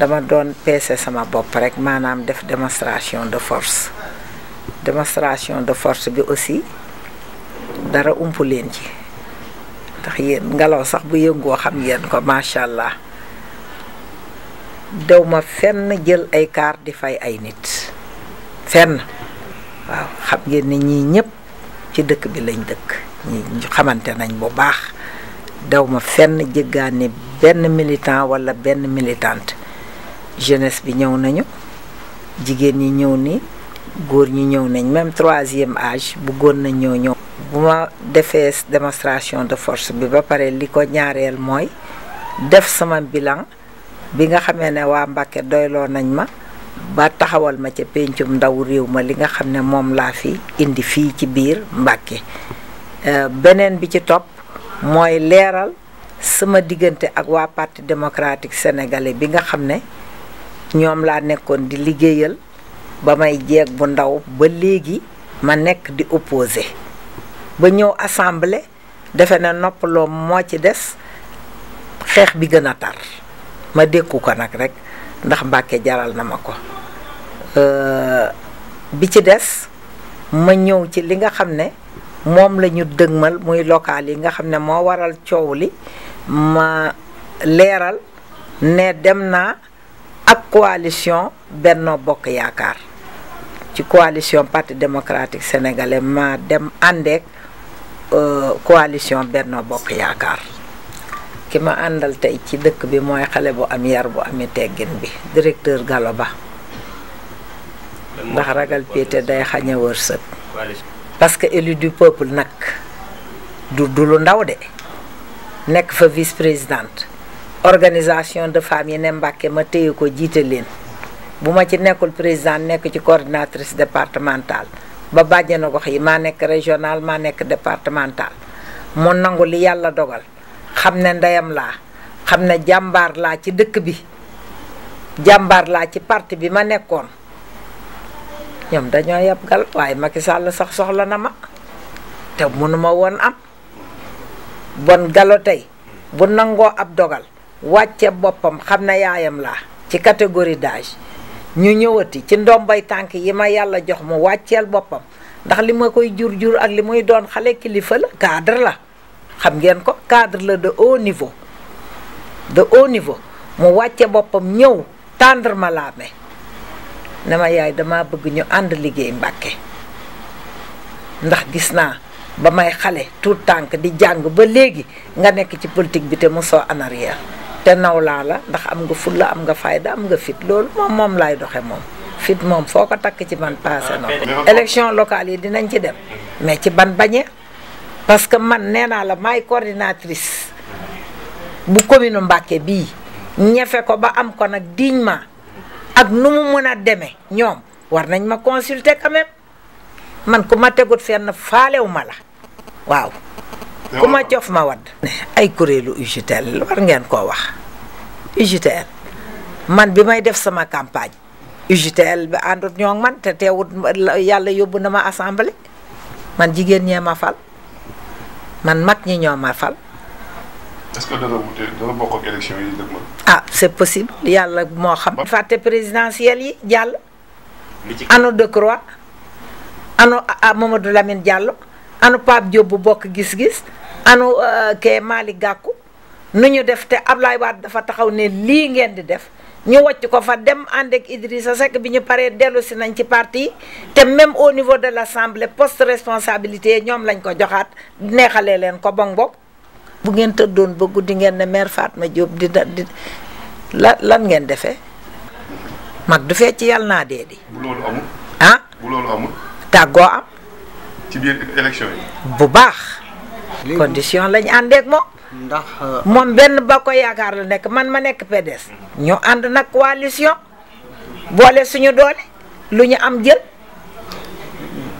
dama doon peese sama bopp rek maanaam def démonstration de force démonstration de force bi aussi dara ump leen ci ndax yéen ngelaw sax bu yëngoo xam ngeen ko macha allah daw ma fenn jël ay kaar di fay ay nit fenn waaw xam ngeen ni ñii ñëpp ci dëkk bi lañ dëkk ñi xamante nañ bu baax daw ma fenn jëggaani benn militant walla benn militante jeunesse bi ñëw nañu jigéen ñi ñëw ni góor ñi ñëw nañ même troisième âge bëggoon nañ ñoo ñëw. bu ma defee démonstration de force bi ba pare li ko ñaareel mooy def sama bilan bi nga xamee ne waa Mbàkke doyloo nañ ma ba taxawal ma ca péncum ndaw réew ma li nga xam ne moom laa fi indi fii ci biir Mbàkke euh, beneen bi ci topp mooy leeral sama diggante ak waa parti démocratique sénégalais bi nga xam ne. ñoom laa nekkoon di liggéeyal ba may jeeg bu ndaw ba léegi ma nekk di opposé ba ñëw assemblée defe ne noppaloo moo ci des xeex bi gën a tar ma dékku ko nag rek ndax Mbàkke jaral na ma ko euh, bi ci des ma ñëw ci li nga xam ne moom lañu dëgmal muy local yi nga xam ne moo waral coow li ma leeral ne dem naa ak coalition Benno Bokk Yaakaar ci coalition Parti démocratique sénégalais ma dem àndeek euh, coalition Benno Bokk Yaakaar ki ma àndal tey ci dëkk bi mooy xale bu am yar bu amee teggin bi directeur galo Ba ndax ragal pété day xañ wërsëg parce que élu du peuple nag du lu ndaw de nekk fa vice présidente organisation de femmes yi ne Mbàkke ma téye ko jiite leen bu ma ci nekkul président nekk ci coordinatrice départementale ba na gox yi maa nekk régional maa nekk départemental mu nangu li yàlla dogal xam ne ndeyam laa xam ne jàmbaar laa ci dëkk bi jàmbaar laa ci parti bi ma nekkoon ñoom dañoo yab gal waaye Macky sàll sax soxla na ma te mënuma woon am bon galo tey bu nangoo ab dogal wàcce boppam xam na yaayam laa ci catégorie d'âge ñu ñëwati ci ndombay tànk yi ma yàlla jox mu wàcceel boppam ndax li ma koy jur jur ak li muy doon xale kilifa la cadre la xam ngeen ko cadre la de haut niveau de haut niveau mu wàcce boppam ñëw tendre ma laame ne ma yaay dama bëgg ñu ànd liggéey mbàkke ndax gis naa ba may xale tout tànk di jàng ba léegi nga nekk ci politique bi te mosoo en arrière te naw laa la ndax am nga fulla am nga fayda am nga fit loolu moom moom laay doxe moom fit moom foo ko takk ci man passé noonu ah, élection locale yi dinañ ci dem mais ci ban bañee parce que man nee naa la maay coordinatrice bu commune Mbàkke bii ñefe ko ba am ko nag dignement ak nu mu mën a demee ñoom war nañ ma consulter quand man ku ma tegut fenn faalew ma la waaw ku ma cof ma wadd ay kuréelu UJTL war ngeen koo wax UJTL man bi may def sama campagne UJTL bi àndut ñoo man te teewut yàlla yóbbu na ma assemblée man jigéen ñee ma fal man mag ñi ñoo ma fal. est-ce que dana wute dana bokk ak élection yi dëgg ah c'est possible yàlla moo xam. fàtte présidentielle yi jàll. ano Decroix ano ah, Mamadou Lamine Diallo bu bokk gis-gis. anu euh, kee Malick Gakou nu ñu def te Ablaye Wade dafa taxaw ne lii ngeen di def ñu wàcc ko fa dem ànd ak Idrissa Seck bi ñu paree dellu si nañ ci parti te même au niveau de l' assemblée poste responsabilité ñoom lañ ko joxaat neexalee leen ko bong bu ngeen tëddoon ba di ngeen ne maire Fatma Diop di di la lan ngeen defee mag du fee ci yàlla naa dee di. bu loolu amul. Ah? tàggoo am. bu baax. condition lañ àndeek moom. ndax euh, moom benn ba ko yaakaar la nekk man ma nekk PDS. ñu ànd nag coalition. boole suñu doole lu ñu am jël.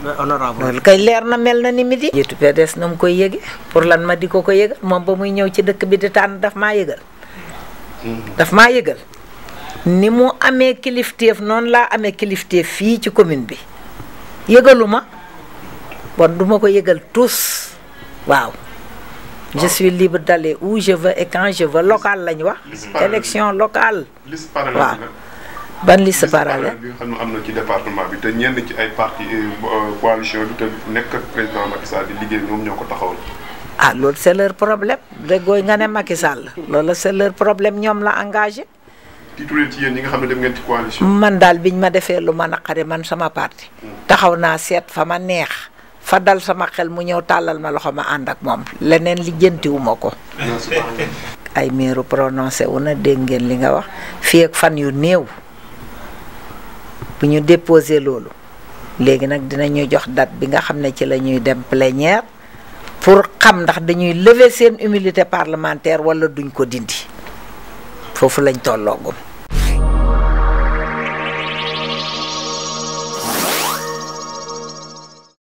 loolu leer na mel na ni midi. jiitu PDS na mu koy yëge pour lan ma di ko ko yëgal moom ba muy ñëw ci dëkk bi di tànn daf maa yëgal. Hmm. daf ma yëgal. ni mu amee kilifteef noonu laa amee kilifteef fii ci commune bi yëgaluma ma du ma ko yëgal tous. waaw je suis libre d'aller où je veux et quand je veux local lañ wax. élection locale. liste parallèle waaw ban liste parallèle. bi nga xam ne am na ci département bi te ñenn ci ay parti euh, euh, coalition bi te nekk président Macky di liggéey ñoom ñoo ko taxawal. ah loolu c'est leur problème déggooy nga ne Macky Sall loolu c'est leur problème ñoom la engagé. tiituleen ci nga xam ne dem ngeen man daal biñ ma defee lu ma naqari man sama parti. Hmm. taxaw naa seet fa ma neex. fa dal sama xel mu ñëw tàllal ma loxo ma ànd ak moom leneen lijjantiwuma ko ay meeru prononcé wu na dégg ngeen li nga wax fii ak fan yu néew bu ñu déposé loolu léegi nag dinañu jox date bi nga xam ne ci la ñuy dem plénière pour xam ndax dañuy lever seen immunité parlementaire walla duñ ko dindi foofu lañ tolloogum